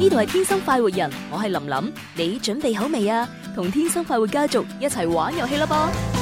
呢度係天生快活人，我係林林，你準備好未啊？同天生快活家族一齊玩遊戲啦噃！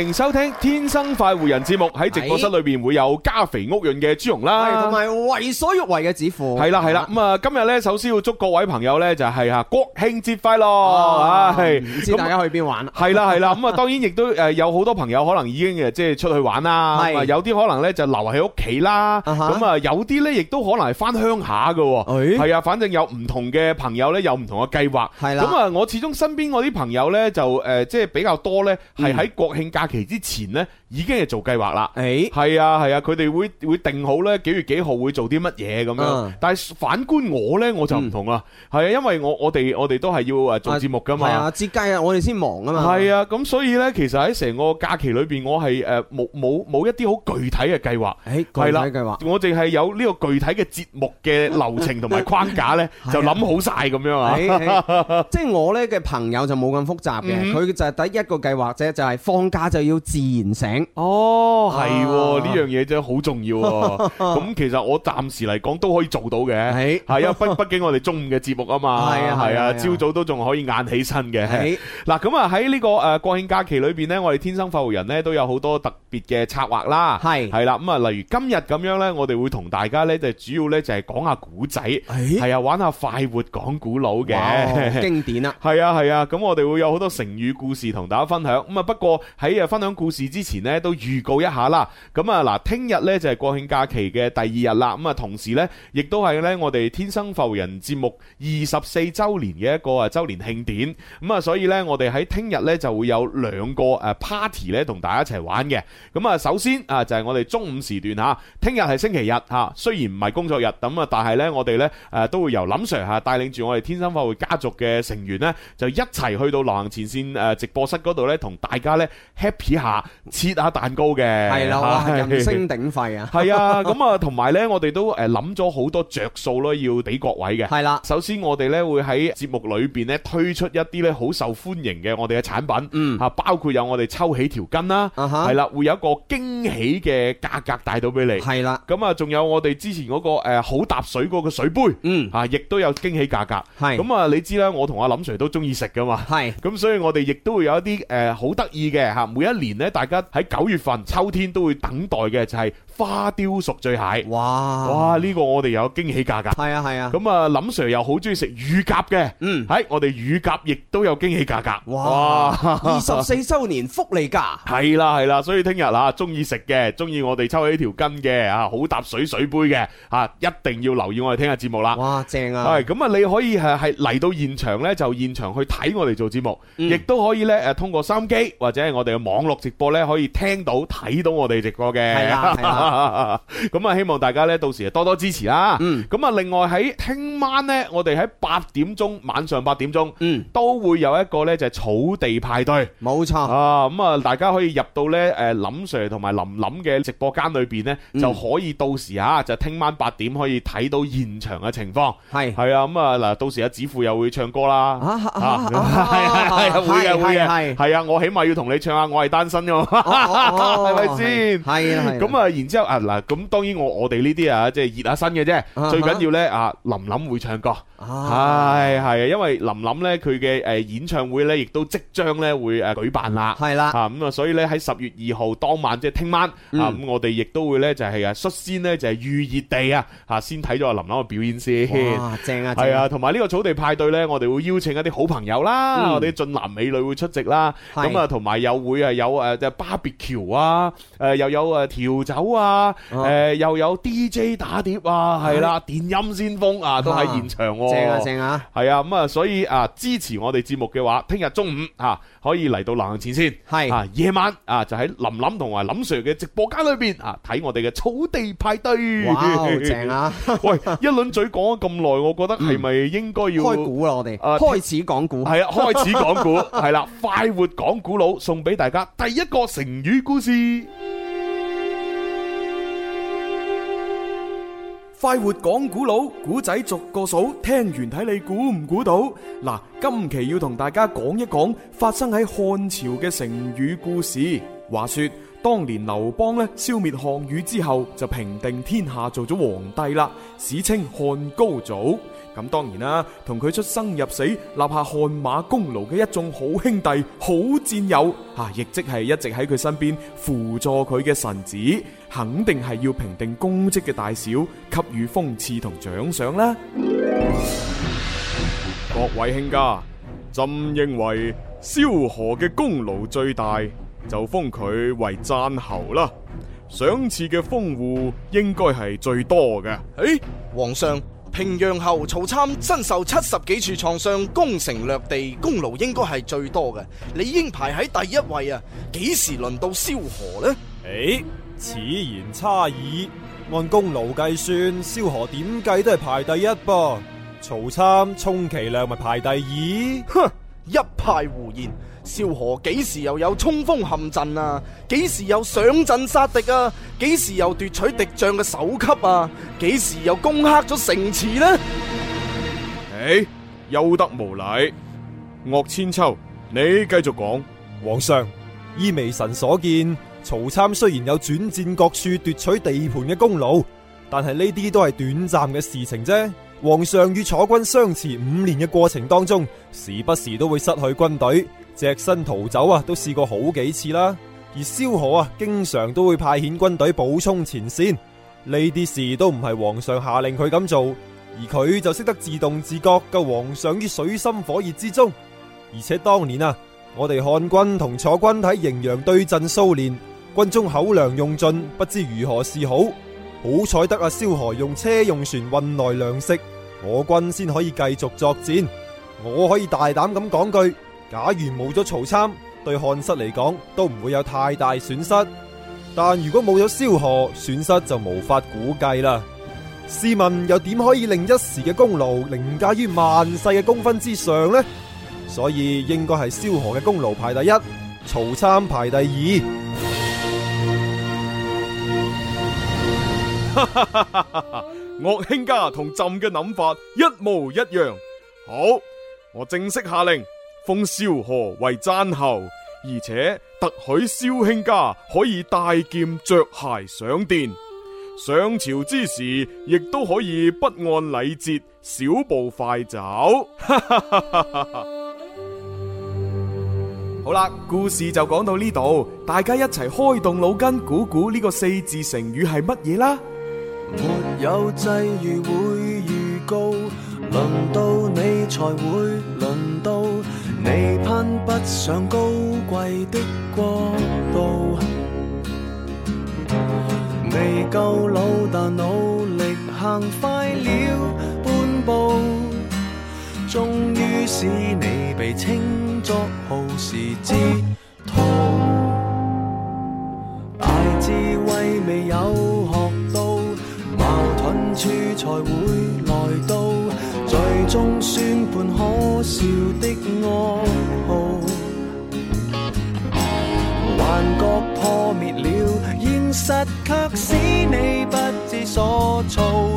歡迎收聽《天生快活人》節目，喺直播室裏邊會有加肥屋潤嘅朱容啦，同埋為所欲為嘅子富。係啦係啦，咁啊今日咧，首先要祝各位朋友咧，就係吓國慶節快樂啊！咁唔知大家去邊玩啦？係啦係啦，咁啊，當然亦都誒有好多朋友可能已經誒即係出去玩啦，有啲可能咧就留喺屋企啦。咁啊有啲咧亦都可能係翻鄉下嘅，係啊，反正有唔同嘅朋友咧，有唔同嘅計劃。係啦，咁啊，我始終身邊嗰啲朋友咧就誒即係比較多咧，係喺國慶假。期之前呢，已經係做計劃啦。誒，係啊，係啊，佢哋會會定好呢，幾月幾號會做啲乜嘢咁樣。但係反觀我呢，我就唔同啦。係啊，因為我我哋我哋都係要誒做節目噶嘛。係啊，節假日我哋先忙啊嘛。係啊，咁所以呢，其實喺成個假期裏邊，我係誒冇冇冇一啲好具體嘅計劃。誒，具體計劃，我淨係有呢個具體嘅節目嘅流程同埋框架呢，就諗好晒咁樣啊。即係我呢嘅朋友就冇咁複雜嘅，佢就係第一個計劃啫，就係放假就。要自然醒哦，係喎，呢樣嘢真係好重要。咁其實我暫時嚟講都可以做到嘅，係係啊，畢竟我哋中午嘅節目啊嘛，係啊係啊，朝早都仲可以晏起身嘅。嗱咁啊喺呢個誒國慶假期裏邊咧，我哋天生快活人咧都有好多特別嘅策劃啦，係係啦咁啊，例如今日咁樣咧，我哋會同大家咧就主要咧就係講下古仔，係啊玩下快活講古佬嘅經典啊，係啊係啊，咁我哋會有好多成語故事同大家分享。咁啊不過喺分享故事之前咧，都預告一下啦。咁啊，嗱，聽日呢就係國慶假期嘅第二日啦。咁啊，同時呢，亦都係咧，我哋天生浮人節目二十四週年嘅一個啊週年慶典。咁啊，所以呢，我哋喺聽日呢就會有兩個誒 party 咧，同大家一齊玩嘅。咁啊，首先啊，就係我哋中午時段嚇，聽日係星期日嚇，雖然唔係工作日，咁啊，但係呢，我哋呢誒都會由林 Sir 嚇帶領住我哋天生浮人家族嘅成員呢，就一齊去到流行前線誒直播室嗰度呢，同大家呢。劈下切下蛋糕嘅，係人聲鼎沸啊，係啊的，咁啊，同埋呢，我哋都誒諗咗好多着數咯，要俾各位嘅，係啦的。首先我哋呢會喺節目裏邊呢推出一啲呢好受歡迎嘅我哋嘅產品，嗯，吓包括有我哋抽起條筋啦，係啦、啊哈，會有一個驚喜嘅價格帶到俾你，係啦的。咁啊，仲有我哋之前嗰個誒好搭水嗰個水杯，嗯，吓亦都有驚喜價格，係的。咁啊，你知啦，我同阿林 Sir 都中意食噶嘛，係的。咁所以我哋亦都會有一啲誒好得意嘅吓。每一年咧，大家喺九月份秋天都會等待嘅就係、是，花雕熟醉蟹，哇！哇！呢個我哋有驚喜價格，係啊係啊。咁啊，林 Sir 又好中意食乳鴿嘅，嗯，喺我哋乳鴿亦都有驚喜價格，哇！二十四周年福利價，係啦係啦。所以聽日啦中意食嘅，中意我哋抽起條筋嘅啊，好揼水水杯嘅啊，一定要留意我哋聽日節目啦。哇，正啊！係咁啊，你可以係係嚟到現場咧，就現場去睇我哋做節目，亦都可以咧誒，通過收音機或者係我哋嘅網絡直播咧，可以聽到睇到我哋直播嘅。咁啊，希望大家咧到時多多支持啦。咁啊，另外喺聽晚咧，我哋喺八點鐘，晚上八點鐘，嗯，都會有一個咧就係草地派對，冇錯啊。咁啊，大家可以入到咧誒林 Sir 同埋林林嘅直播間裏邊咧，就可以到時吓就聽晚八點可以睇到現場嘅情況。係係啊，咁啊嗱，到時阿子富又會唱歌啦，係係係會嘅會嘅係啊，我起碼要同你唱下我係單身噶，係咪先？係啊，咁啊，然之後。啊嗱，咁當然我我哋呢啲啊，即係熱下身嘅啫。最緊要咧啊，琳琳會唱歌，係係啊，因為琳琳咧佢嘅誒演唱會咧，亦都即將咧會誒舉辦啦，係啦啊咁啊，所以咧喺十月二號當晚即係聽晚啊，咁我哋亦都會咧就係啊率先咧就係預熱地啊嚇先睇咗阿琳琳嘅表演先哇，正啊，係啊，同埋呢個草地派對咧，我哋會邀請一啲好朋友啦，嗰啲俊男美女會出席啦，咁啊同埋有會係有誒即係 barbecue 啊，誒又有誒調酒啊。啊！誒、啊，又有 DJ 打碟啊，係啦、啊啊，電音先鋒啊，都喺現場、啊。正啊，正啊，係啊，咁啊，所以啊，支持我哋節目嘅話，聽日中午、啊、可以嚟到南前綫。係是啊，夜晚啊，就喺林林同埋林 Sir 嘅直播間裏邊啊，睇我哋嘅草地派對。好正啊！喂、 啊，一輪嘴講咗咁耐，我覺得係咪應該要、嗯、開股啦？我哋、啊、開始講古？係啊，開始講古？係啦、 啊，快活講古佬，送俾大家第一個成語故事。快活講古佬，古仔逐個數，聽完睇你估唔估到？嗱，今期要同大家講一講發生喺漢朝嘅成語故事。話說當年劉邦呢，消滅項羽之後，就平定天下，做咗皇帝啦，史稱漢高祖。咁當然啦，同佢出生入死、立下汗馬功勞嘅一眾好兄弟、好戰友，吓亦即係一直喺佢身邊輔助佢嘅臣子。肯定係要評定功績嘅大小，給予封賜同獎賞啦。各位卿家，朕認為蕭何嘅功勞最大，就封佢為贊侯啦。賞賜嘅封戶應該係最多嘅。誒、欸，皇上，平陽侯曹參身受七十幾處創傷，攻城略地，功勞應該係最多嘅，理應排喺第一位啊。幾時輪到蕭何呢？誒、欸。此言差矣，按功勞計算，蕭何點計都係排第一噃。曹參充其量咪排第二，哼，一派胡言。蕭何幾時又有衝鋒陷陣啊？幾時又上陣殺敵啊？幾時又奪取敵將嘅首級啊？幾時又攻克咗城池呢？誒，休得無禮，岳千秋，你繼續講。皇上，依微臣所見。曹參雖然有轉戰各處，奪取地盤嘅功勞，但係呢啲都係短暫嘅事情啫。皇上與楚軍相持五年嘅過程當中，時不時都會失去軍隊，隻身逃走啊，都試過好幾次啦。而蕭何啊，經常都會派遣軍隊補充前線，呢啲事都唔係皇上下令佢咁做，而佢就識得自動自覺救皇上於水深火熱之中。而且當年啊，我哋漢軍同楚軍喺滎陽對陣數年軍中口糧用盡，不知如何是好。好彩得阿蕭何用車用船運來糧食，我軍先可以繼續作戰。我可以大膽咁講句：假如冇咗曹參，對漢室嚟講都唔會有太大損失。但如果冇咗蕭何，損失就無法估計啦。試問又點可以令一時嘅功勞凌駕於萬世嘅功勳之上呢？所以應該係蕭何嘅功勞排第一，曹參排第二。哈哈哈哈哈！岳卿 家同朕嘅諗法一模一樣。好，我正式下令封蕭何為贊侯，而且特許蕭卿家可以帶劍着鞋上殿，上朝之時亦都可以不按禮節，小步快走。哈哈哈哈哈！好啦，故事就講到呢度，大家一齊開動腦筋，估估呢個四字成語係乜嘢啦！沒有際遇會預告，輪到你才會輪到你，攀不上高貴的國度，未夠老但努力行快了半步，終於使你被稱作好事之徒。大智慧未有學。近處才會來到，最終宣判可笑的噩耗。幻覺破滅了，現實卻使你不知所措。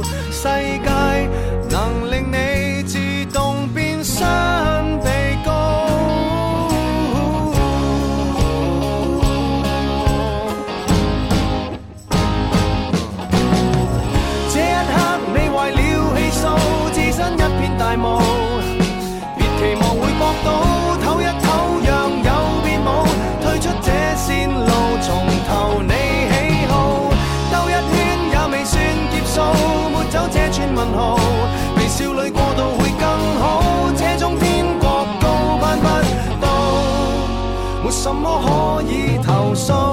微少女過度會更好，這種天國高攀不到，沒什麼可以投訴。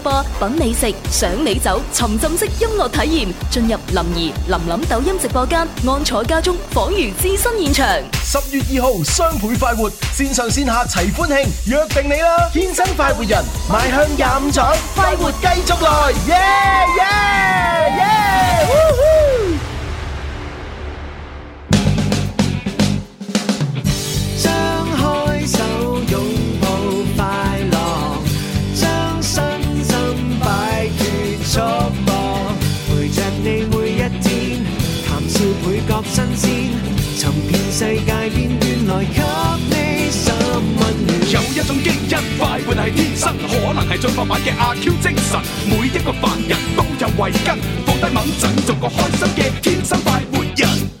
品美食，賞美酒，沉浸式音樂體驗，進入林兒琳琳抖音直播間，安坐家中，恍如置身現場。十月二號雙倍快活，綫上綫下齊歡慶，約定你啦！天生快活人，邁向廿五載，快活繼續來！耶耶耶！嗚嗚。尋遍世界，來給你十蚊有一種基因快活係天生，可能係進化版嘅阿 Q 精神。每一個凡人都有慧根，放低猛進，做個開心嘅天生快活人。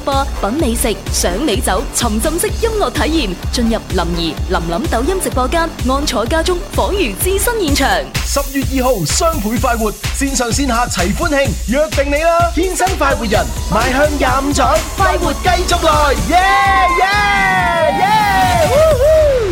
品美食，賞美酒，沉浸式音樂體驗，進入林兒琳琳抖音直播間，安坐家中，恍如置身現場。十月二號雙倍快活，線上線下齊歡慶，約定你啦！天生快活人，邁向廿五載，快活繼續來！耶耶耶嗚嗚！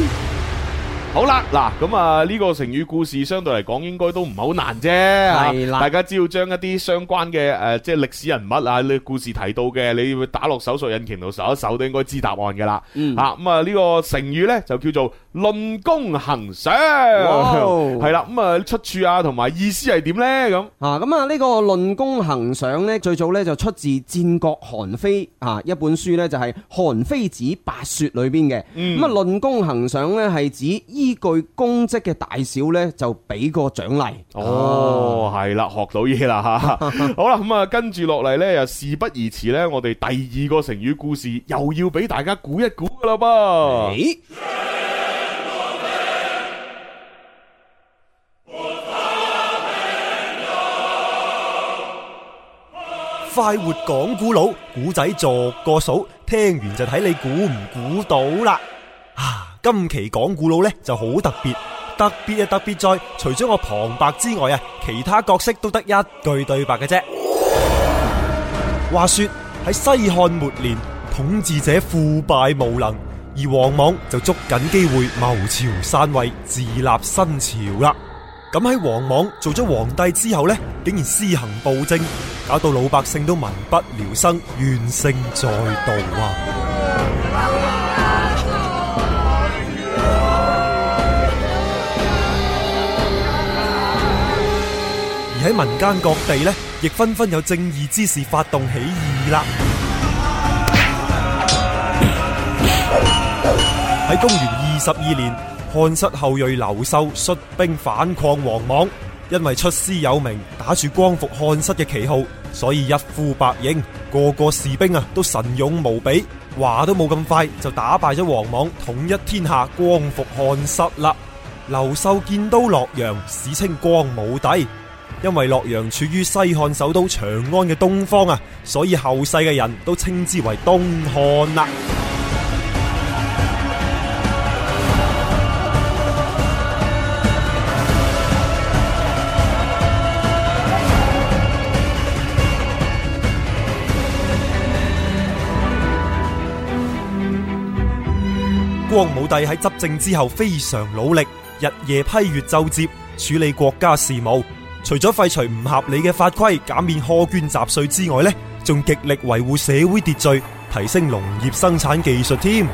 好啦，嗱咁啊，呢個成語故事相對嚟講應該都唔係好難啫。係啦的，大家只要將一啲相關嘅，誒、呃，即係歷史人物啊、故事提到嘅，你要打落搜索引擎度搜一搜，都應該知答案噶啦。嗯，啊咁啊，呢個成語呢，就叫做。論功行賞，係啦，咁啊出處啊同埋意思係點呢？咁啊咁啊呢個論功行賞呢，最早呢就出自戰國韓非一本書呢就係韓非子白說裏邊嘅，咁啊論功行賞呢係指依據功績嘅大小呢，就俾個獎勵。哦，係啦、啊哦，學到嘢啦吓。 好啦，咁啊跟住落嚟呢，又事不宜遲呢，我哋第二個成語故事又要俾大家估一估噶啦噃。欸快活講古佬，古仔作個數，聽完就睇你估唔估到啦！啊，今期講古佬呢就好特別，特別啊特別在除咗我旁白之外啊，其他角色都得一句對白嘅啫。話說喺西漢末年，統治者腐敗無能，而王莽就捉緊機會謀朝篡位，自立新朝啦。咁喺王莽做咗皇帝之後呢，竟然施行暴政，搞到老百姓都民不聊生，怨聲載道啊！而喺民間各地呢，亦紛紛有正義之士發動起義啦。喺公元二十二年，漢室後裔劉秀率兵反抗王莽，因為出師有名，打住光復漢室嘅旗號，所以一呼百應，個個士兵啊都神勇無比，話都冇咁快就打敗咗王莽，統一天下，光復漢室啦。劉秀建都洛陽，史稱光武帝，因為洛陽處於西漢首都長安嘅東方啊，所以後世嘅人都稱之為東漢啦。光武帝喺執政之後非常努力，日夜批閱奏折，處理國家事務。除咗廢除唔合理嘅法規，減免苛捐雜稅之外，呢仲極力維護社會秩序，提升農業生產技術添。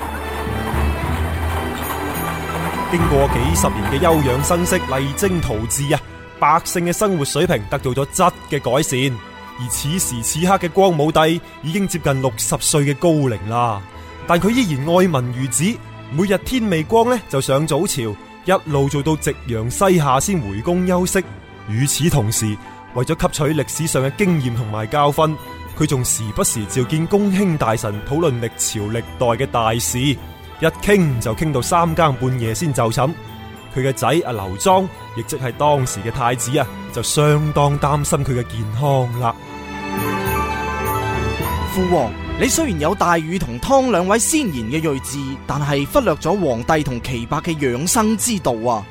經過幾十年嘅休養生息，勵精圖治啊，百姓嘅生活水平得到咗質嘅改善。而此時此刻嘅光武帝已經接近六十歲嘅高齡啦，但佢依然愛民如子。每日天未光呢，就上早朝，一路做到夕陽西下先回宮休息。與此同時，為咗吸取歷史上嘅經驗同埋教訓，佢仲時不時召見公卿大臣討論歷朝歷代嘅大事，一傾就傾到三更半夜先就寢。佢嘅仔阿劉莊，亦即係當時嘅太子啊，就相當擔心佢嘅健康啦。父王。你雖然有大禹同湯兩位先賢嘅睿智，但係忽略咗黃帝同岐伯嘅養生之道啊！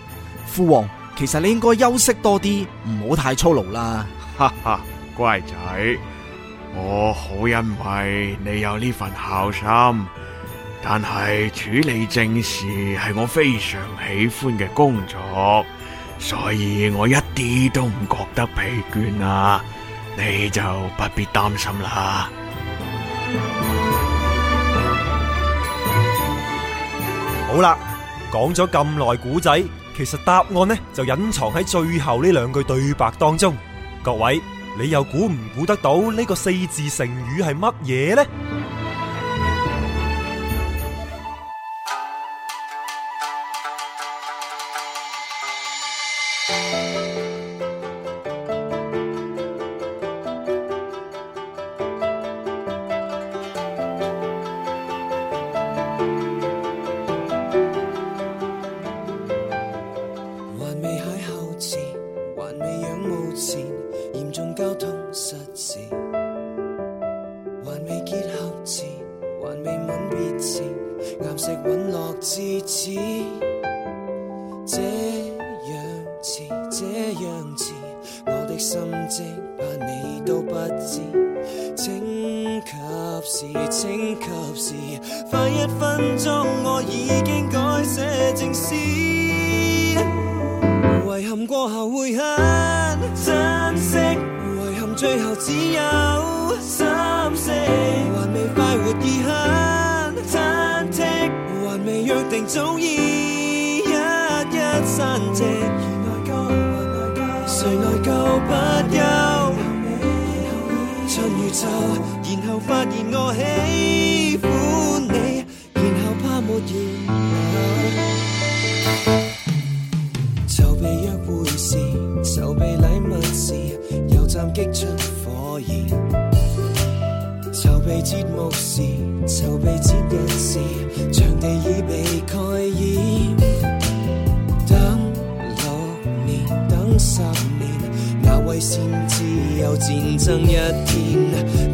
父王，其實你應該休息多啲，唔好太操勞啦。哈哈，乖仔，我好欣慰你有呢份孝心，但係處理政事係我非常喜歡嘅工作，所以我一啲都唔覺得疲倦啊！你就不必擔心啦。好啦，講咗咁耐古仔，其實答案呢就隱藏喺最後呢兩句對白當中。各位，你又估唔估得到呢個四字成語係乜嘢呢？時，快一分鐘，我已經改寫正史。遺憾過後會很珍惜，遺憾最後只有心聲。還未快活，已很忐忑，還未約定，早已一一散席。而內疚，還內疚，誰內疚不休？春與秋。然後發現我喜歡你，然後怕沒緣。籌備約會時，籌備禮物時，又暫擊出火焰。籌備節目時，籌備節日時，場地已被蓋掩。等六年，等十年，那位先知有戰爭一天？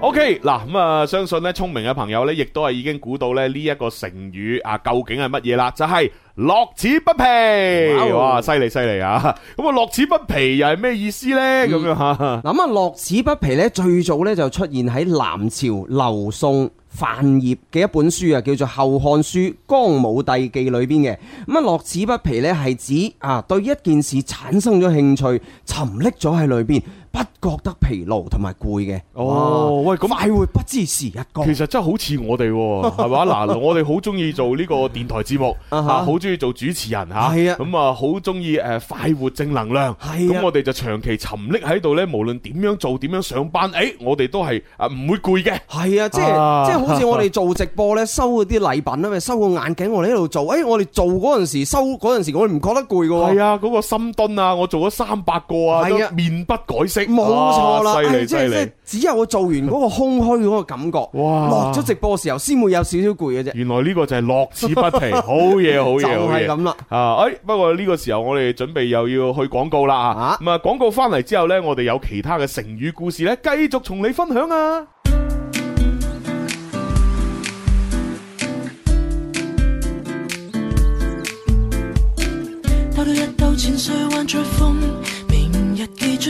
O K 嗱，咁啊、okay，相信呢聰明嘅朋友呢，亦都係已經估到咧呢一個成語啊，究竟係乜嘢啦？就係、是、樂此不疲，哦、哇，犀利犀利啊！咁啊，樂此不疲又係咩意思呢？咁樣吓，諗下樂此不疲呢，最早呢就出現喺南朝劉宋范曄嘅一本書啊，叫做《後漢書光武帝記》裏邊嘅。咁啊，樂此不疲呢，係指啊對一件事產生咗興趣，沉溺咗喺裏邊。不覺得疲勞同埋攰嘅。哦，喂，咁快活不知時日過。其實真係好似我哋喎，係嘛？嗱，我哋好中意做呢個電台節目啊，好中意做主持人吓。係啊，咁啊，好中意誒快活正能量。係、啊。咁我哋就長期沉溺喺度咧，無論點樣做，點樣上班，誒、欸，我哋都係啊唔會攰嘅。係啊，即係、啊、即係好似我哋做直播咧，收嗰啲禮品、欸、啊，咪收個眼鏡，我哋喺度做，誒，我哋做嗰陣時收嗰陣時，我哋唔覺得攰嘅。係啊，嗰個深蹲啊，我做咗三百個啊，都、啊、面不改色。冇錯啦，犀利、啊、即係是，害只有我做完嗰個空虛嗰個感覺，哇！落咗直播嘅時候先會有少少攰嘅啫。原來呢個就係樂此不疲， 好嘢好嘢，就係咁啦。啊，誒，不過呢個時候我哋準備又要去廣告啦啊，咁啊，廣告翻嚟之後呢，我哋有其他嘅成語故事呢，繼續同你分享啊。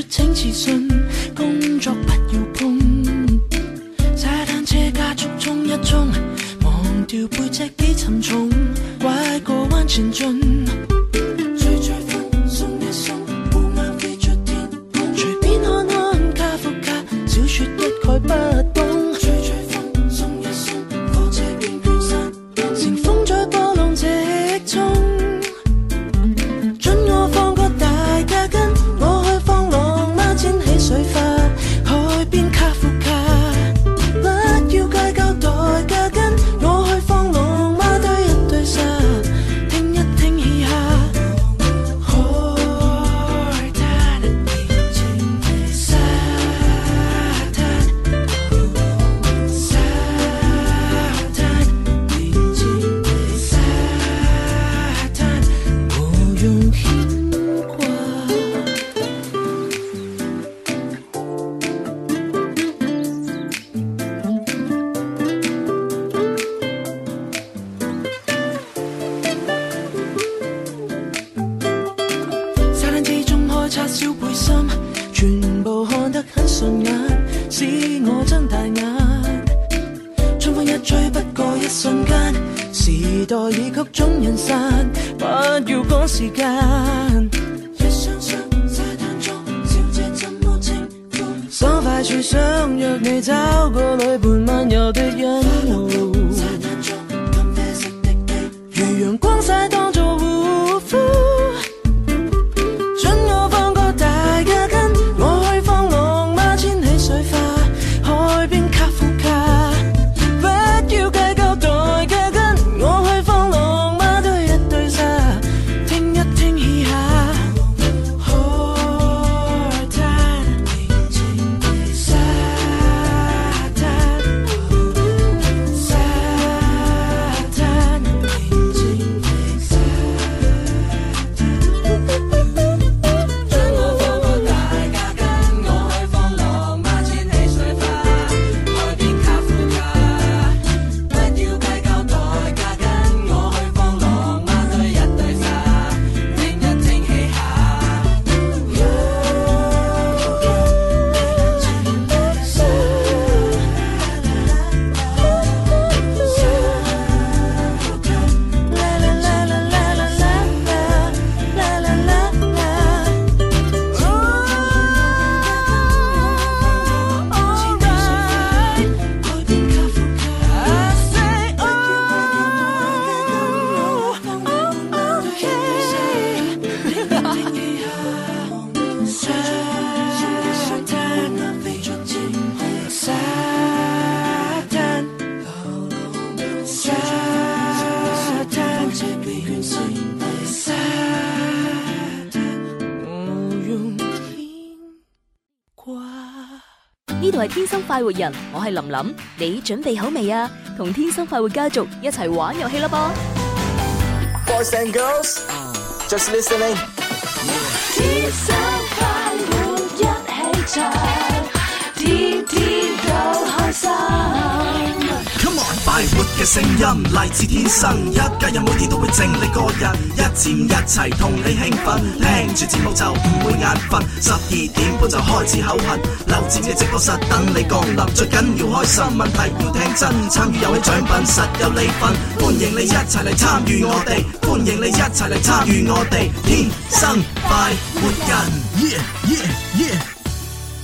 請自信，工作不要碰，踩單車加速衝一衝，忘掉背脊幾沉重，拐個彎前進。快活人，我係林林，你準備好未啊？同天生快活家族一齊玩遊戲啦噃！Boys and girls, just listening。天生快活一起唱，天天都開心。快活嘅聲音，嚟自天生，一家人每天都會整理個人一戰一齊同你興奮，聽住節目就唔會眼瞓，十二點半就開始口痕。留錢嘅直播室等你降臨，最緊要開心，問題要聽真，參與遊戲獎品實有你份，歡迎你一齊嚟參與我哋，歡迎你一齊嚟參與我哋，天生快活人。Yeah, yeah, yeah.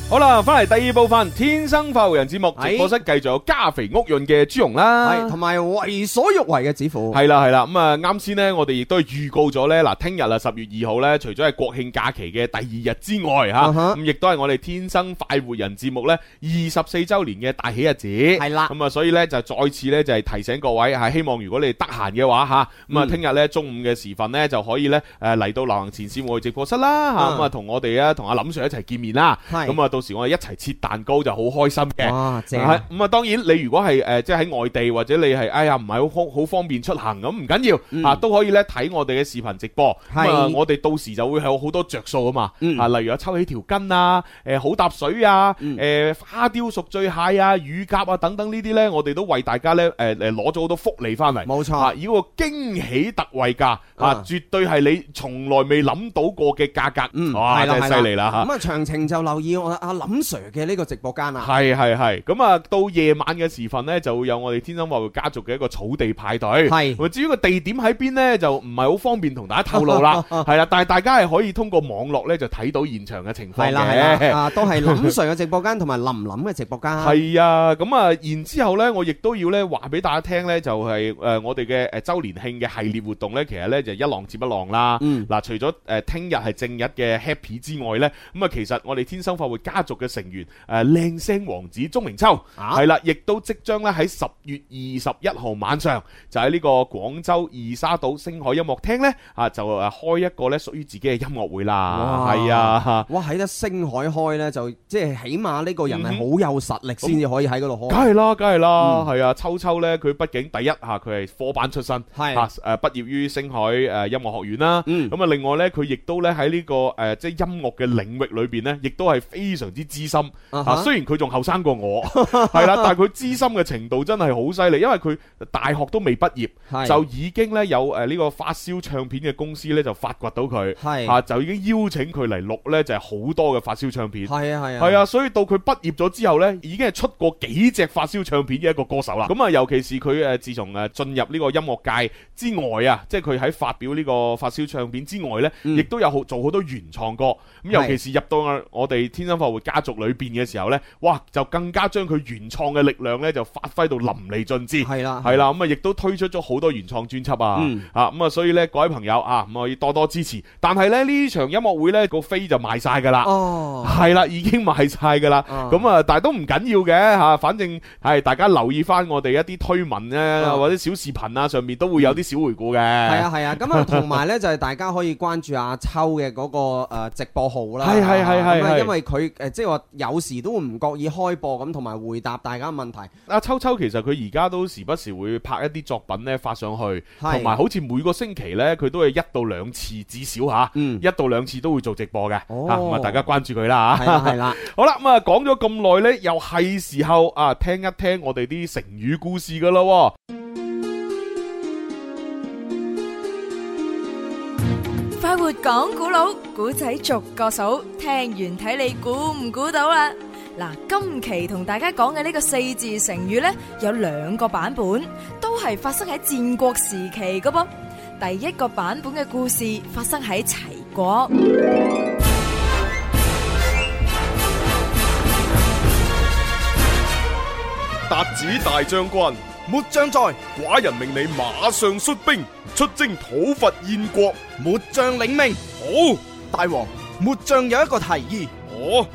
好啦，翻嚟第二部分《天生快活人》節目直播室，繼續有加肥屋潤嘅朱蓉啦，係同埋為所欲為嘅指虎，係啦係啦，咁啊，啱、嗯、先呢，我哋亦都預告咗呢。嗱，聽日啊十月二號呢，除咗係國慶假期嘅第二日之外，吓咁亦都係我哋《天生快活人》節目呢，二十四周年嘅大喜日子，係啦的，咁啊、嗯，所以呢，就再次呢，就係提醒各位，係希望如果你得閒嘅話吓，咁啊聽日呢，中午嘅時分呢，就可以呢，誒嚟到流行前線我哋直播室啦，吓咁啊同我哋啊同阿林 Sir 一齊見面啦，咁啊是。嗯嗯到時我哋一齊切蛋糕就好開心嘅。哇，正咁啊！當然你如果係誒，即係喺外地或者你係哎呀唔係好方好方便出行咁，唔緊要啊，都可以咧睇我哋嘅視頻直播。咁我哋到時就會有好多着數啊嘛。啊，例如有抽起條筋啊，誒好搭水啊，誒花雕熟醉蟹啊，乳鴿啊等等呢啲咧，我哋都為大家咧誒誒攞咗好多福利翻嚟。冇錯，如個驚喜特惠價啊，絕對係你從來未諗到過嘅價格。嗯，哇，真係犀利啦！吓咁啊，詳情就留意我阿林 Sir 嘅呢個直播間啊，係係係咁啊！到夜晚嘅時分呢，就會有我哋天生發會家族嘅一個草地派對，係是。至於個地點喺邊呢，就唔係好方便同大家透露啦，係啦。 但係大家係可以通過網絡呢，就睇到現場嘅情況嘅。係啦，係啦，都係。林 Sir 嘅直播間同埋林林嘅直播間。係啊， 咁啊，然之後呢，我亦都要呢話俾大家聽呢，就係誒我哋嘅誒週年慶嘅系列活動呢，其實呢就一浪接一浪啦。嗱、嗯，除咗誒聽日係正日嘅 Happy 之外呢，咁啊，其實我哋天生發會家族嘅成員誒，靚聲王子鍾明秋係啦，亦都即將咧喺十月二十一號晚上，就喺呢個廣州二沙島星海音樂廳咧啊，就誒開一個咧屬於自己嘅音樂會啦。係啊，哇喺得星海開咧，就即係起碼呢個人係好有實力，先至可以喺嗰度開。梗係啦，梗係啦，係啊，秋秋咧，佢畢竟第一吓，佢係科班出身，係誒畢業於星海誒音樂學院啦。咁啊，另外咧，佢亦都咧喺呢個誒即係音樂嘅領域裏邊咧，亦都係非常。非常之資深啊！雖然佢仲後生過我，係啦、 啊，但係佢資深嘅程度真係好犀利，因為佢大學都未畢業，是的 就已經咧有誒呢、呃這個發燒唱片嘅公司咧就發掘到佢，嚇是的、啊、就已經邀請佢嚟錄咧就係、是、好多嘅發燒唱片，係啊所以到佢畢業咗之後咧，已經係出過幾隻發燒唱片嘅一個歌手啦。咁啊，尤其是佢誒自從誒進入呢個音樂界之外啊，即係佢喺發表呢個發燒唱片之外咧，亦、嗯、都有好做好多原創歌。咁尤其是入到我哋天生發家族裏邊嘅時候呢，哇，就更加將佢原創嘅力量呢，就發揮到淋漓盡致。係啦，係啦，咁啊，亦都推出咗好多原創專輯啊。啊，咁啊，所以呢，各位朋友啊，咁可以多多支持。但係呢，呢場音樂會呢，個飛就賣晒噶啦。哦，係啦，已經賣晒噶啦。咁啊，但係都唔緊要嘅吓，反正係大家留意翻我哋一啲推文呢，或者小視頻啊，上面都會有啲小回顧嘅。係啊，係啊。咁啊，同埋呢，就係大家可以關注阿秋嘅嗰個誒直播號啦。係係係係係，因為佢。即係話有時都會唔覺意開播咁，同埋回答大家問題。阿秋秋其實佢而家都時不時會拍一啲作品呢，發上去，同埋是好似每個星期呢，佢都係一到兩次至少吓，嗯、一到兩次都會做直播嘅。哦、啊，大家關注佢啦吓。係啦，係啦。 好啦，咁啊講咗咁耐呢，又係時候啊聽一聽我哋啲成語故事噶啦。活講古佬古仔逐個數，聽完睇你估唔估到啦？嗱，今期同大家講嘅呢個四字成語呢，有兩個版本，都係發生喺戰國時期嘅噃。第一個版本嘅故事發生喺齊國，達子大將軍。末將在。寡人命你馬上率兵。出征討伐燕國，末將領命。好，大王，末將有一個提議。哦，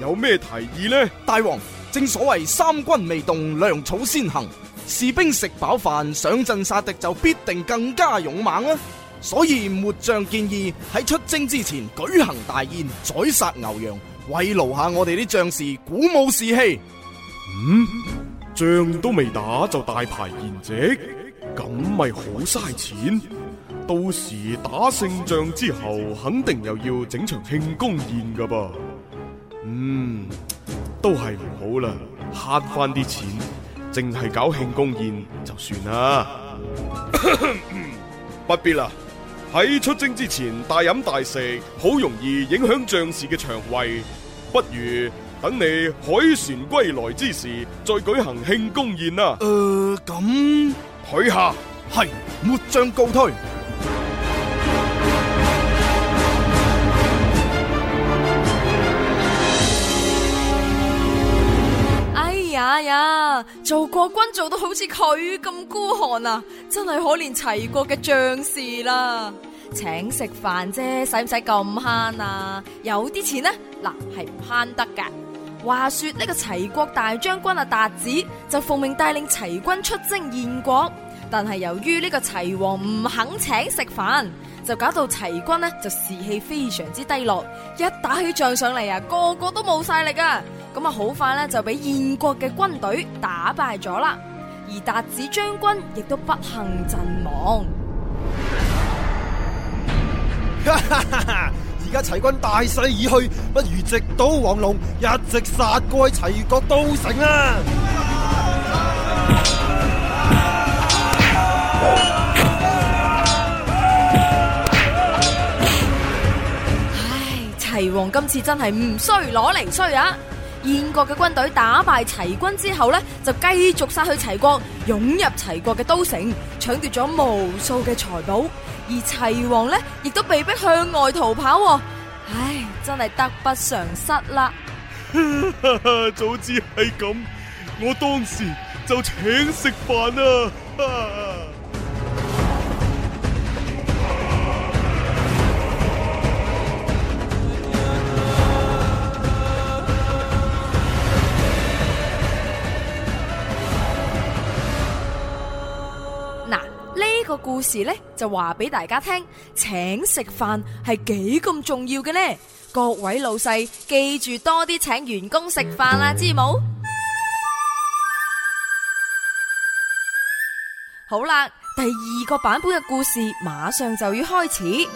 有咩提議呢？大王，正所謂三軍未動，糧草先行。士兵食飽飯，上陣殺敵就必定更加勇猛啊！所以末將建議喺出征之前舉行大宴，宰殺牛羊，慰勞下我哋啲將士，鼓舞士氣。嗯，仗都未打就大排筵席。咁咪好嘥錢，到時打勝仗之後，肯定又要整場慶功宴噶噃。嗯，都係唔好啦，慳翻啲錢，淨係搞慶功宴就算啦。 不必啦，喺出征之前大飲大食，好容易影響將士嘅腸胃，不如等你凱旋歸來之時，再舉行慶功宴啦。誒、呃，咁。許下，係末將告退。哎呀呀，做國君做到好似佢咁孤寒啊！真係可憐齊國嘅將士啦，請食飯啫，使唔使咁慳啊？有啲錢呢，嗱係唔慳得㗎。話說呢個齊國大將軍阿達子就奉命帶領齊軍出征燕國，但係由於呢個齊王唔肯請食飯，就搞到齊軍呢就士氣非常之低落，一打起仗上嚟啊，個個都冇晒力啊。咁啊好快呢就俾燕國嘅軍隊打敗咗啦，而達子將軍亦都不幸陣亡。 而家齊軍大勢已去，不如直搗黃龍，一直殺過去齊國都城啊！唉、哎，齊王今次真係唔衰，攞嚟衰啊！燕國嘅軍隊打敗齊軍之後呢，就繼續殺去齊國，湧入齊國嘅都城，搶奪咗無數嘅財寶，而齊王呢亦都被逼向外逃跑。唉，真係得不償失啦！ 早知係咁，我當時就請食飯啦。 個故事呢，就話俾大家聽，請食飯係幾咁重要嘅呢？各位老細記住多啲請員工食飯啦，知冇？好啦，第二個版本嘅故事馬上就要開始。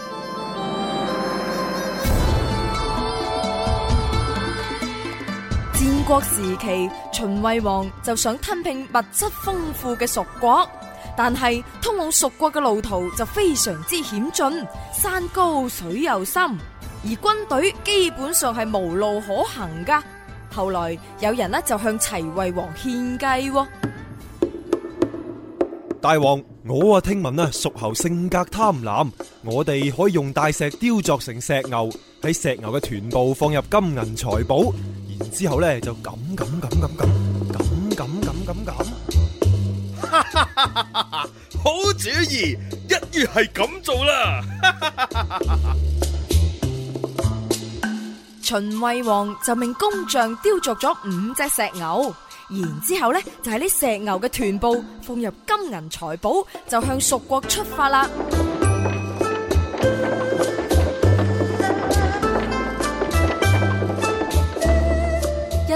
戰國時期，秦惠王就想吞併物質豐富嘅蜀國。但係通往蜀國嘅路途就非常之險峻，山高水又深，而軍隊基本上係無路可行噶。後來有人呢就向齊惠王獻計哦：「大王，我啊聽聞呢蜀侯性格貪婪，我哋可以用大石雕作成石牛，喺石牛嘅臀部放入金銀財寶，然之後咧，就咁咁咁咁咁。好主意，一於係咁做啦！秦惠王就命工匠雕琢咗五隻石牛，然之後呢就喺呢石牛嘅臀部放入金銀財寶，就向蜀國出發啦。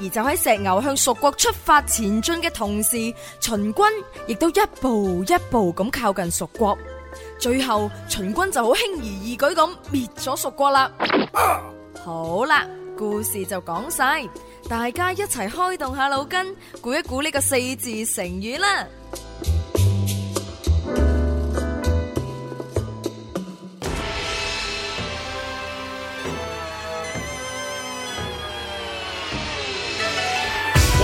而就喺石牛向蜀國出發前進嘅同時，秦軍亦都一步一步咁靠近蜀國，最後秦軍就好輕而易舉咁滅咗蜀國啦。啊、好啦，故事就講晒，大家一齊開動下腦筋，估一估呢個四字成語啦。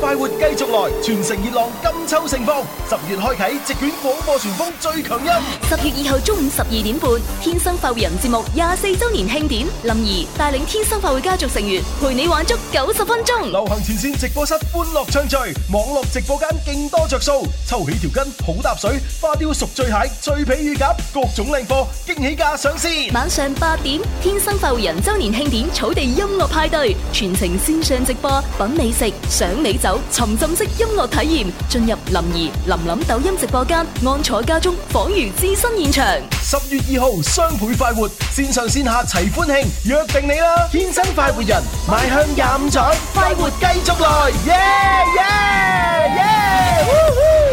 快活繼續來，全城熱浪金秋盛放，十月開啟席捲廣播旋風最強音。十月二號中午十二點半，天生快活人節目廿四周年慶典，林怡帶領天生快活家族成員陪你玩足九十分鐘。流行前線直播室歡樂暢聚，網絡直播間勁多着數，抽起條筋好搭水，花雕熟醉蟹醉皮乳鴿各種靚貨驚喜價上市。晚上八點，天生快活人周年慶典草地音樂派對，全程線上直播，品美食，賞美酒。沉浸式音樂體驗，進入林兒林林抖音直播間，安坐家中，恍如置身現場。十月二號雙倍快活，線上線下齊歡慶，約定你啦！天生快活人，邁向廿五載，快活繼續來！耶耶耶！嗚嗚！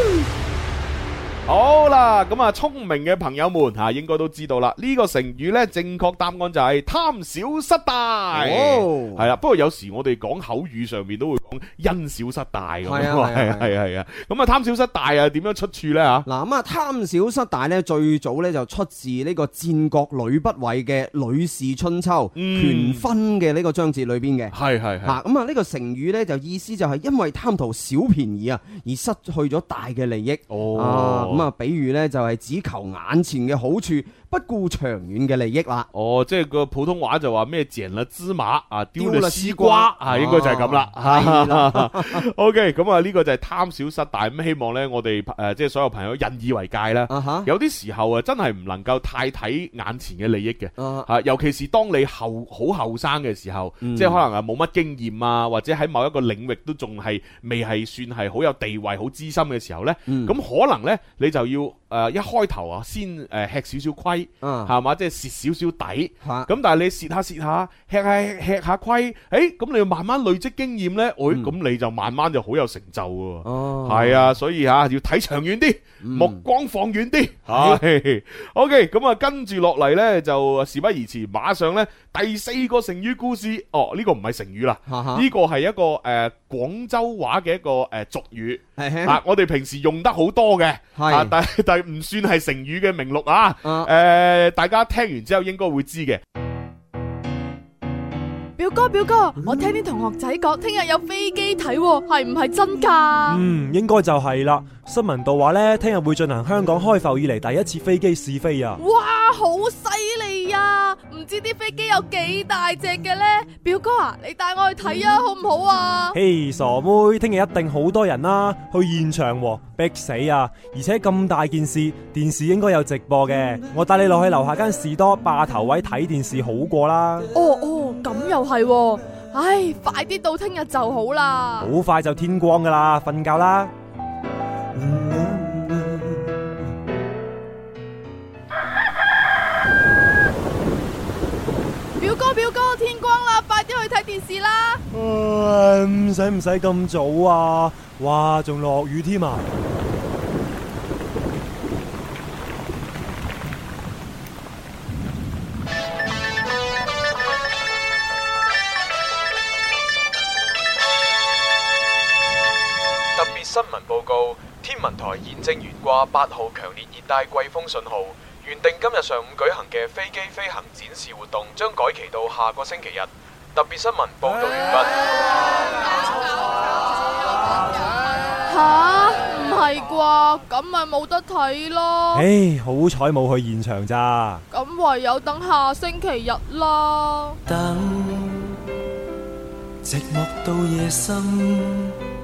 好啦，咁啊，聰明嘅朋友們吓、啊，應該都知道啦。呢、呢個成語呢，正確答案就係貪小失大。係啦、哦啊。不過有時我哋講口語上面都會講因小失大咁。係啊，係樣啊，係啊。咁啊，貪、啊啊、小失大啊，點樣出處呢？吓嗱，咁啊，貪小失大呢，最早呢就出自呢個戰國呂不韋嘅《呂氏春秋》嗯、權分嘅呢個章節裏邊嘅。係係係。咁啊，呢個成語呢，就意思就係因為貪圖小便宜啊，而失去咗大嘅利益。哦。啊咁啊，比喻咧，就係只求眼前嘅好處，不顧長遠嘅利益啦，哦，即係個普通話就話咩剪了芝麻了了啊，丟咗絲瓜啊，應該就係咁啦。係啦，O K，咁啊呢個就係貪小失大，咁希望咧，我哋誒即係所有朋友引以為戒啦。啊哈，有啲時候的不的啊，真係唔能夠太睇眼前嘅利益嘅，吓，尤其是當你後好後生嘅時候，嗯、即係可能啊冇乜經驗啊，或者喺某一個領域都仲係未係算係好有地位、好資深嘅時候咧，咁、嗯、可能咧你就要誒一開頭啊先誒吃少少虧。嗯，係嘛，即係蝕少少底，咁但係你蝕下蝕下，吃下吃下虧，誒，咁你要慢慢累積經驗咧，喂，咁你就慢慢就好有成就嘅，係啊，所以吓要睇長遠啲，目光放遠啲，係，OK，咁啊，跟住落嚟咧就事不宜遲，馬上咧第四個成語故事，哦，呢個唔係成語啦，呢個係一個誒。廣州話嘅一個誒、呃、俗語， 啊，我哋平時用得好多嘅，啊，但但唔算係成語嘅名錄啊，誒、啊呃，大家聽完之後應該會知嘅。表哥表哥，我聽啲同學仔講，聽日有飛機睇喎，係唔係真㗎？嗯，應該就係啦。新聞度話咧，聽日會進行香港開埠以嚟第一次飛機試飛啊！哇，好犀利呀！唔知啲飛機有幾大隻嘅呢？表哥啊，你帶我去睇啊，好唔好啊？嘿，hey, 傻妹，聽日一定好多人啦、啊，去現場、啊、逼死啊！而且咁大件事，電視應該有直播嘅，我帶你落去樓下間士多霸頭位睇電視好過啦。哦哦，咁又係，唉，快啲到聽日就好啦。好快就天光噶啦，瞓覺啦。嗯嗯嗯嗯嗯、表哥，表哥，天光啦，快啲去睇電視啦！唔使唔使咁早啊，哇，仲落雨添啊！特別新聞報告。天文台現正懸掛八號強烈熱帶季風信號，原定今日上午舉行嘅飛機飛行展示活動將改期到下個星期日。特別新聞報道完畢。吓，唔係啩？咁咪冇得睇咯？唉、啊，對 ran，好彩冇去現場咋？咁唯有等下星期日啦。等，寂寞到夜深。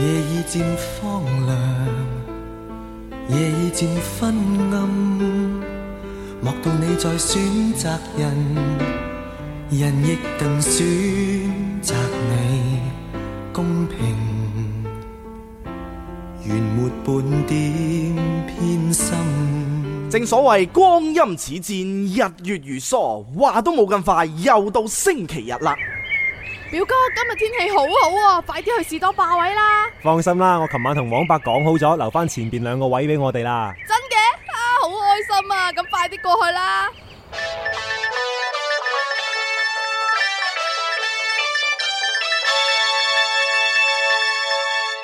夜已漸荒涼，夜已漸昏暗。莫道你在選擇人，人亦能選擇你，公平，原沒半點偏心。正所謂光陰似箭，日月如梭，話都冇咁快，又到星期日啦。表哥，今日天氣好好啊，快啲去士多霸位啦！放心啦，我琴晚同王伯講好咗，留翻前邊兩個位俾我哋啦。真嘅啊，好開心啊！咁快啲過去啦！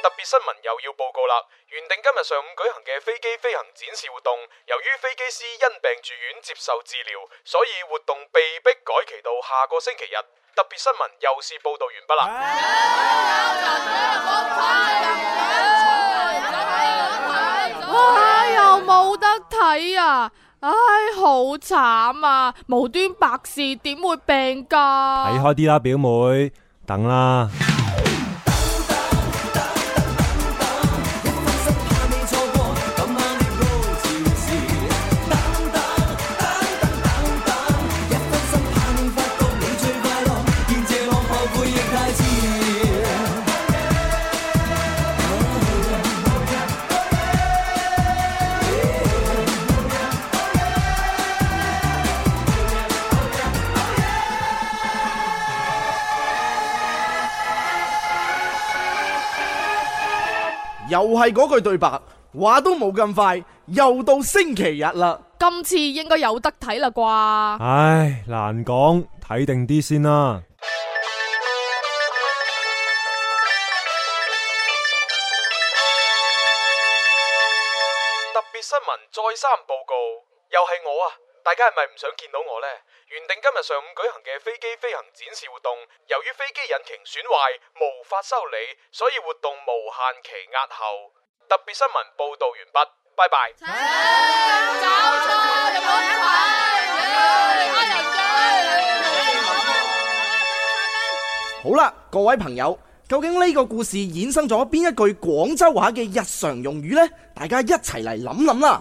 特別新聞又要報告啦，原定今日上午舉行嘅飛機飛行展示活動，由於飛機師因病住院接受治療，所以活動被迫改期到下個星期日。特別新聞又是報道完畢啦。我又冇得睇啊！唉、哎，好慘啊！無端白事點會病㗎？睇開啲啦，表妹，等啦。又係嗰句對白，話都冇咁快，又到星期日啦。今次應該有得睇啦啩？唉，難講，睇定啲先啦、啊。特別新聞再三報告，又係我啊！大家係咪唔想見到我呢？原定今日上午舉行嘅飛機飛行展示活動，由於飛機引擎損壞，無法修理，所以活動無限期押後。特別新聞報道完畢，拜拜。好啦，各位朋友，究竟呢個故事衍生咗邊一句廣州話嘅日常用語呢？大家一齊嚟諗諗啦。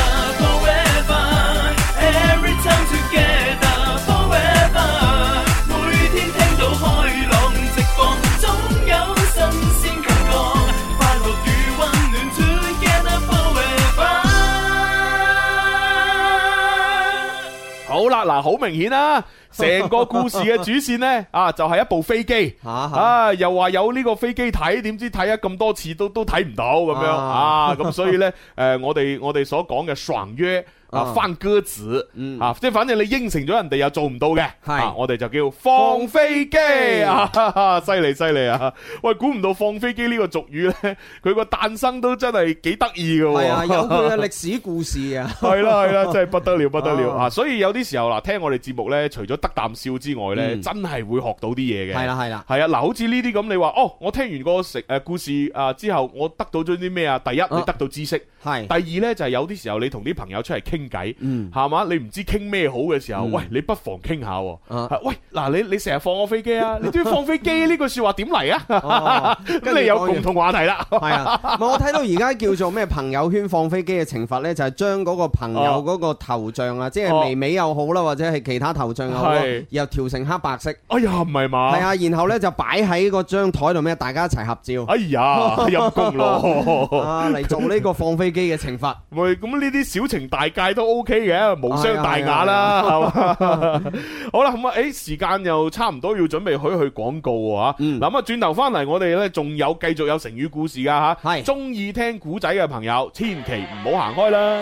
好啦，嗱，好明顯啦。成個故事嘅主線呢，啊，就係一部飛機，啊，啊又話有呢個飛機睇，點知睇咗咁多次都都睇唔到咁樣啊，咁、啊、所以呢，誒、啊，我哋我哋所講嘅爽約啊翻歌詞啊、嗯、啊，即係反正你應承咗人哋又做唔到嘅，是啊，我哋就叫放飛機，放飛機啊，犀利犀利啊，喂，估唔到放飛機呢個俗語呢，佢個誕生都真係幾得意㗎喎，有佢嘅歷史故事啊，係啦係啦，真係不得了不得了啊，所以有啲時候嗱，聽我哋節目呢，除咗得啖笑之外咧，真係會學到啲嘢嘅。係啦，係啦，係啊！嗱，好似呢啲咁，你話哦，我聽完個誒故事啊之後，我得到咗啲咩啊？第一，你得到知識；係第二咧，就係有啲時候你同啲朋友出嚟傾偈，係嘛？你唔知傾咩好嘅時候，喂，你不妨傾下喎。喂，嗱，你你成日放我飛機啊？你都要放飛機呢句説話點嚟啊？咁你有共同話題啦。係啊，我睇到而家叫做咩朋友圈放飛機嘅懲罰咧，就係將嗰個朋友嗰個頭像啊，即係微微又好啦，或者係其他頭像啊。又調是成黑白色，哎呀，唔係嘛？係啊，然後咧就擺喺個張台度咩，大家一齊合照，哎呀，陰功咯，嚟 啊、做呢個放飛機嘅懲罰，唔係、哎，咁呢啲小情大戒都 OK 嘅，無傷大雅啦，係嘛？好啦，咁啊，誒，時間又差唔多，要準備去去廣告啊，嗱咁啊，轉頭翻嚟，我哋咧仲有繼續有成語故事噶吓、啊，係是，中意聽古仔嘅朋友，千祈唔好行開啦。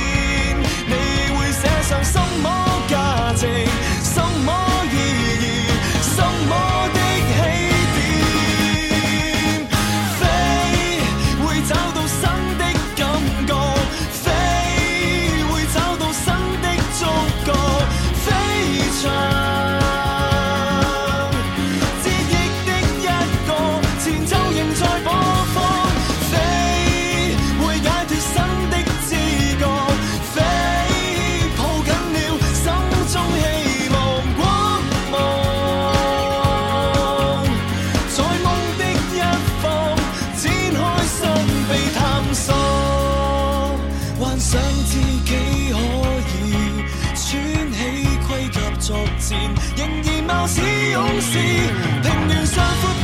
什麼價值？什麼？ 是勇士，平原上。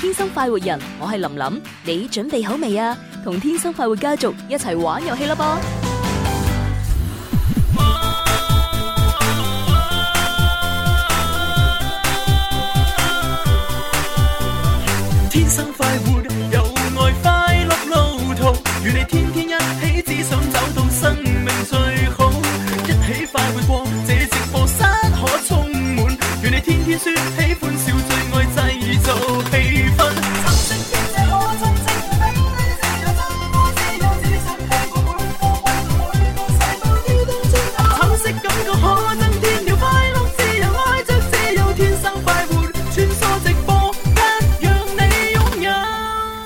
天生快活人，我係林林，你準備好未啊？同天生快活家族一齊玩遊戲啦噃！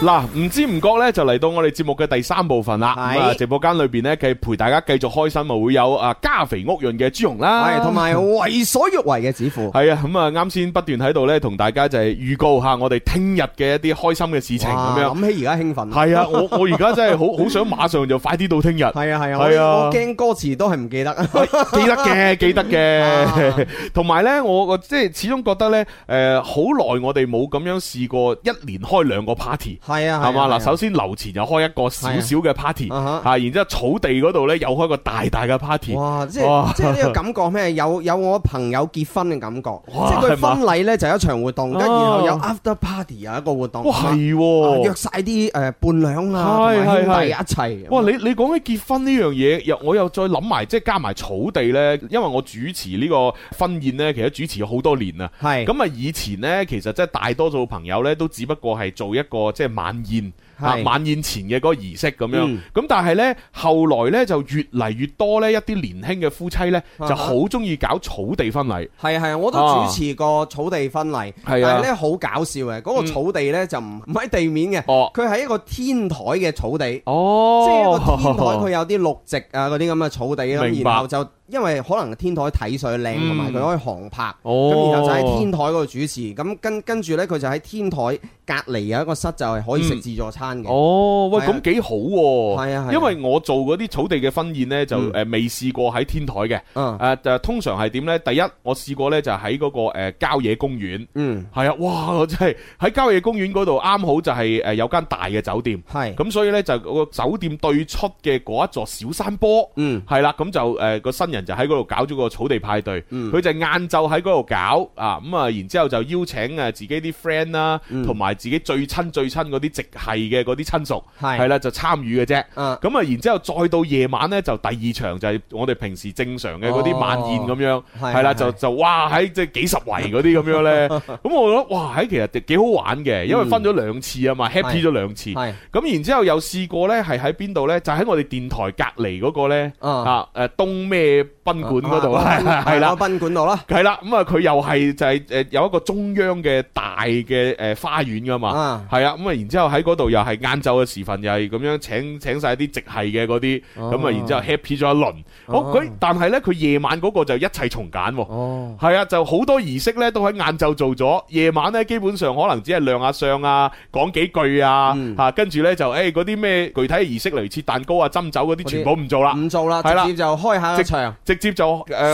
嗱，唔知唔覺咧，就嚟到我哋節目嘅第三部分啦。咁啊是、嗯，直播間裏邊咧，繼續陪大家繼續開心啊！會有啊，加肥屋潤嘅朱紅啦，同埋為所欲為嘅子父。係啊、嗯，咁、嗯、啊，啱先不斷喺度咧，同大家就係預告吓，我哋聽日嘅一啲開心嘅事情咁哇樣。諗起而家興奮。係啊，我我而家真係好好想馬上就快啲到聽日。係啊係啊係啊！驚、啊啊、歌詞都係唔記得，記得嘅記得嘅。同埋咧，我即係始終覺得咧，誒、呃，好耐我哋冇咁樣試過一連開兩個 party。係啊，係嘛嗱，首先樓前就開一個小小嘅 party，吓，然之後草地嗰度咧又開個大大嘅 party。哇！即係即係呢個感覺咩？有有我朋友結婚嘅感覺，即係佢婚禮咧就一場活動，跟住然後有 after party 一個活動。哇！係約晒啲誒伴娘啊，兄弟一齊。哇！你你講起結婚呢樣嘢，又我又再諗埋即係加埋草地咧，因為我主持呢個婚宴咧，其實主持咗好多年啦。係咁啊，以前咧其實即係大多數朋友咧都只不過係做一個即係晚宴，是晚宴前嘅嗰個儀式咁樣，咁、嗯、但係呢，後來呢就越嚟越多呢一啲年輕嘅夫妻呢就好中意搞草地婚禮。係的啊係啊，我都主持過草地婚禮，啊、但係咧好搞笑嘅，嗰、那個草地呢、嗯、就唔唔喺地面嘅，佢係、哦、一個天台嘅草地，哦、即係一個天台佢有啲綠植啊嗰啲咁嘅草地，白然後就。因為可能天台睇上去靚，同埋佢可以航拍，咁、哦、然後就喺天台嗰度主持。咁跟跟住呢，佢就喺天台隔籬有一個室，就係可以食自助餐嘅、嗯。哦，喂、啊，咁幾好喎！係啊，啊啊因為我做嗰啲草地嘅婚宴呢、嗯啊，就誒未試過喺天台嘅。誒通常係點呢？第一，我試過呢，就喺嗰個誒郊野公園。嗯，係啊，哇！我真係喺郊野公園嗰度啱好就係誒有間大嘅酒店。係是，咁所以呢，就個酒店對出嘅嗰一座小山坡。嗯，係啦、啊，咁就誒、個新人就喺度搞咗個草地派對，佢就晏晝喺嗰度搞啊，咁啊，然之後就邀請啊自己啲 friend 啦，同埋自己最親最親嗰啲直系嘅嗰啲親屬，係啦，就參與嘅啫。咁啊，然之後再到夜晚呢，就第二場就係我哋平時正常嘅嗰啲晚宴咁樣，係啦，就就哇喺即係幾十圍嗰啲咁樣呢。咁我覺得哇，喺其實幾好玩嘅，因為分咗兩次啊嘛，happy 咗兩次。咁然之後又試過呢，係喺邊度呢？就喺我哋電台隔離嗰個咧啊誒東咩？賓館嗰度係啦，賓館度咯，係啦，咁啊佢又係就係誒有一個中央嘅大嘅誒花園噶嘛，係啊，咁啊然之後喺嗰度又係晏晝嘅時分，又係咁樣請請晒啲直系嘅嗰啲，咁啊然之後 happy 咗一輪，我佢但係咧佢夜晚嗰個就一切從簡，哦，係啊，就好多儀式咧都喺晏晝做咗，夜晚咧基本上可能只係亮下相啊，講幾句啊，吓，跟住咧就誒嗰啲咩具體嘅儀式，類似切蛋糕啊斟酒嗰啲，全部唔做啦，唔做啦，直接就開下場。直接就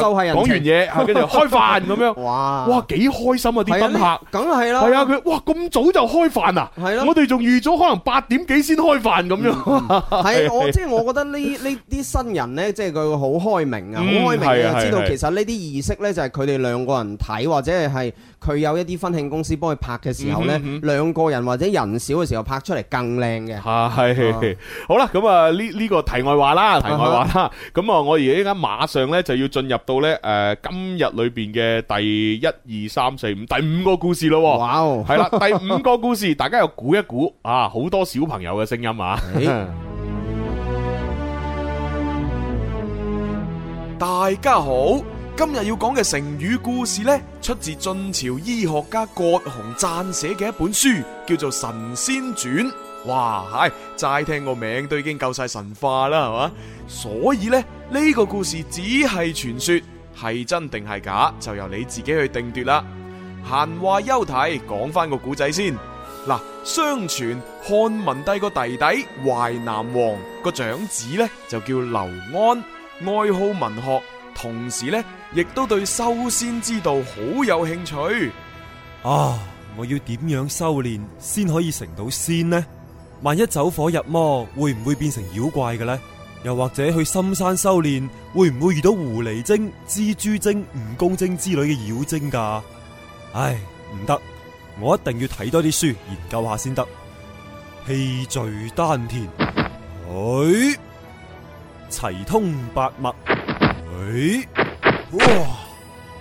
收人講完嘢，跟住開飯咁樣。哇哇幾開心啊！啲賓客，梗係啦，係啊！佢哇咁早就開飯啊！係咯，我哋仲預咗可能八點幾先開飯咁樣。係，我即係我覺得呢呢啲新人咧，即係佢會好開明啊，好開明啊，知道其實呢啲儀式咧，就係佢哋兩個人睇或者係佢有一啲婚慶公司幫佢拍嘅時候咧，兩個人或者人少嘅時候拍出嚟更靚嘅。係係好啦，咁啊呢呢個題外話啦，題外話啦。咁啊，我而家馬上咧就要進入到咧誒，今日裏邊嘅第一二三四五第五個故事咯，哇係啦，第五個故事， 大家又估一估，啊，好多小朋友嘅聲音啊！ 大家好，今日要講嘅成語故事呢，出自晉朝醫學家葛洪撰寫嘅一本書，叫做《神仙傳》。哇，唉，齋聽個名都已經夠晒神化啦，係嘛？所以呢，呢個故事只係傳說，係真定係假就由你自己去定奪啦。閒話休提，講翻個古仔先。嗱，相傳漢文帝個弟弟淮南王個長子呢，就叫劉安，愛好文學，同時呢，亦都對修仙之道好有興趣。啊，我要點樣修煉先可以成到仙呢？萬一走火入魔，會唔會變成妖怪嘅呢？又或者去深山修煉，會唔會遇到狐狸精、蜘蛛精、蜈蚣精之類嘅妖精噶？唉，唔得，我一定要睇多啲書研究下先得。氣聚丹田，佢、哎、齊通百脈，佢、哎、哇！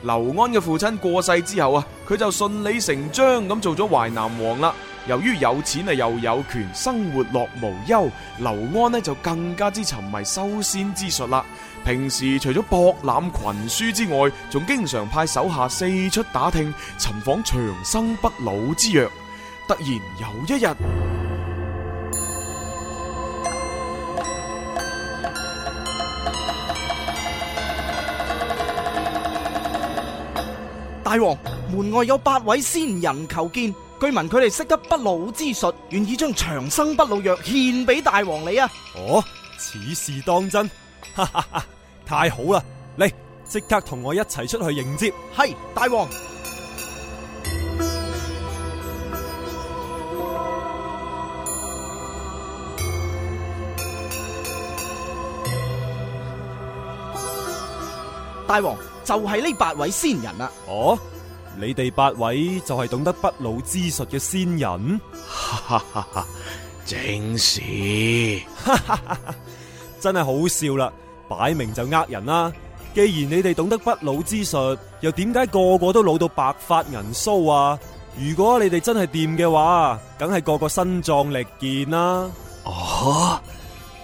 劉安嘅父親過世之後啊，佢就順理成章咁做咗淮南王啦。由於有錢啊又有權，生活樂無憂，劉安呢就更加之沉迷修仙之術啦。平時除咗博覽群書之外，仲經常派手下四出打聽，尋訪長生不老之藥。突然有一日，大王，門外有八位仙人求見。據聞佢哋識得不老之術，願意將長生不老藥獻俾大王你啊！哦，此事當真？哈哈哈哈，太好啦！嚟，即刻同我一齊出去迎接。係，大王，大王就係、是、呢八位仙人啦！哦。你哋八位就係懂得不老之術嘅仙人？哈哈哈哈，正是，哈哈哈，真係好笑啦！擺明就呃人啦。既然你哋懂得不老之術，又點解個個都老到白髮銀鬚啊？如果你哋真係掂嘅話，梗係個個身壯力健啦，啊。哦，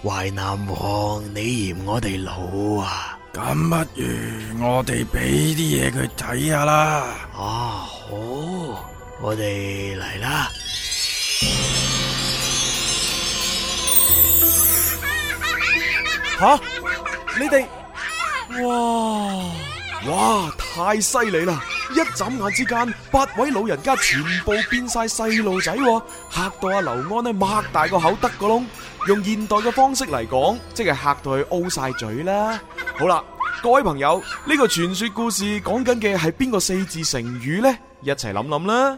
淮南王，你嫌我哋老啊？咁不如我哋俾啲嘢佢睇下啦。啊好，我哋嚟啦。吓、啊，你哋，哇哇，太犀利啦！一眨眼之間，八位老人家全部變晒細路仔，吓到阿劉安呢擘大個口，得個窿。用現代嘅方式嚟講，即係嚇到佢 O 曬嘴啦！好啦，各位朋友，呢、呢個傳說故事講緊嘅係邊個四字成語呢？一齊諗諗啦！